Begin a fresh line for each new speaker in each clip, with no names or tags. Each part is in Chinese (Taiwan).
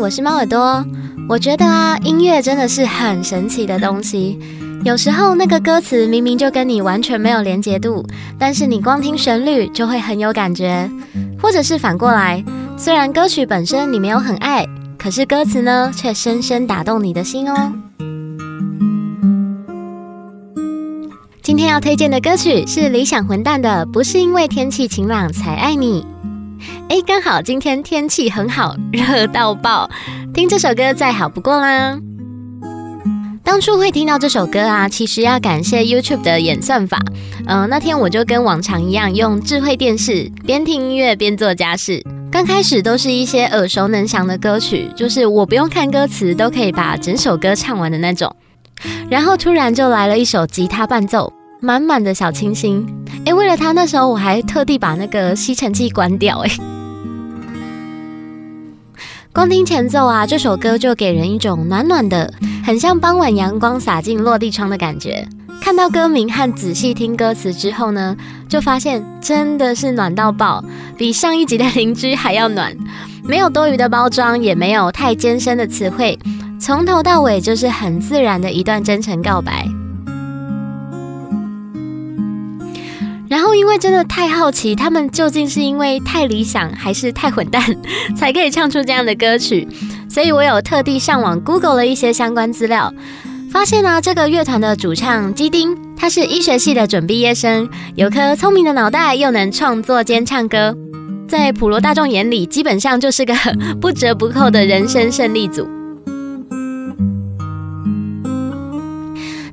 我是貓耳朵，我覺得啊，音樂真的是很神奇的東西。有時候那個歌詞明明就跟你完全沒有連接度，但是你光聽旋律就會很有感覺，或者是反過來，雖然歌曲本身你沒有很愛，可是歌詞呢卻深深打動你的心哦。今天要推薦的歌曲是理想混蛋的《不是因為天氣晴朗才愛你》。哎，剛好今天天氣很好，熱到爆，聽這首歌再好不過啦。當初會聽到這首歌啊，其實要感謝 YouTube 的演算法。嗯、呃，那天我就跟往常一樣，用智慧電視邊聽音樂邊做家事。剛開始都是一些耳熟能詳的歌曲，就是我不用看歌詞都可以把整首歌唱完的那種。然後突然就來了一首吉他伴奏，滿滿的小清新。哎，為了它，那時候我還特地把那個吸塵器關掉、欸。哎。光聽前奏啊，這首歌就給人一種暖暖的，很像傍晚陽光灑進落地窗的感覺。看到歌名和仔細聽歌詞之後呢，就發現真的是暖到爆，比上一集的鄰居還要暖。沒有多餘的包裝，也沒有太艱深的詞彙，從頭到尾就是很自然的一段真誠告白。然後，因為真的太好奇，他們究竟是因為太理想還是太混蛋，才可以唱出這樣的歌曲？所以我有特地上網 Google 了一些相關資料，發現呢、啊，這個樂團的主唱基丁，他是醫學系的準畢業生，有顆聰明的腦袋，又能創作兼唱歌，在普羅大眾眼裡，基本上就是個不折不扣的人生勝利組。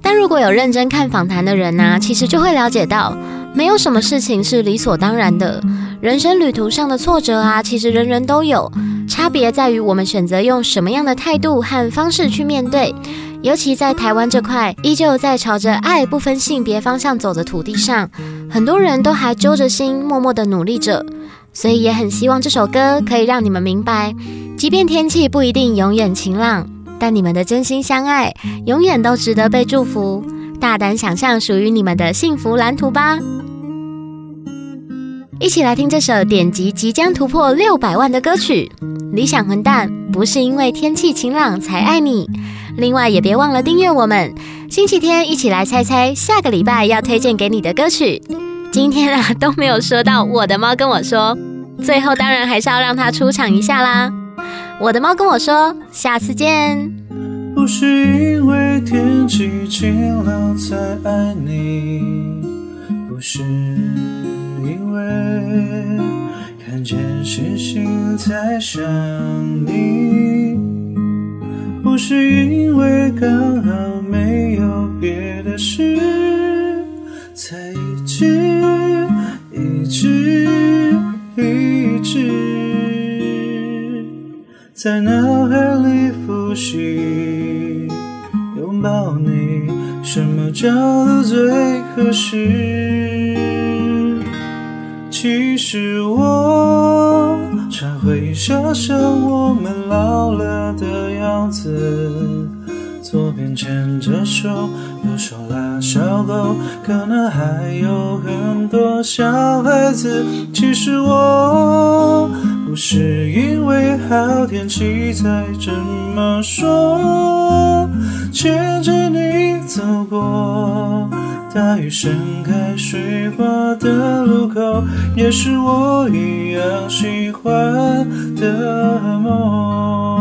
但如果有認真看訪談的人呢、啊，其實就會了解到。沒有什麼事情是理所當然的。人生旅途上的挫折啊，其實人人都有，差別在於我們選擇用什麼樣的態度和方式去面對。尤其在台灣這塊依舊在朝着愛不分性別方向走的土地上，很多人都還揪着心，默默的努力着。所以也很希望這首歌可以讓你們明白，即便天氣不一定永遠晴朗，但你們的真心相愛永遠都值得被祝福。大膽想象屬於你們的幸福藍圖吧！一起來聽這首點擊即將突破六百萬的歌曲《理想混蛋》，不是因為天氣晴朗才愛你。另外也別忘了訂閱我們。星期天一起來猜猜下個禮拜要推薦給你的歌曲。今天啊都沒有說到我的貓跟我說，最後當然還是要讓它出場一下啦！我的貓跟我說，下次見。不是因
為天氣晴朗才愛你，不是因為看見星星才想你，不是因為剛好沒有別的事才一直一直一直在腦海。擁抱你，什麼角度最合適？其實我常會想象我們老了的樣子，左邊牽着手，右手拉小狗，可能還有很多小孩子。其實我。不是因為好天氣才這麼說，牽着你走過大雨盛開水花的路口，也是我一樣喜歡的夢。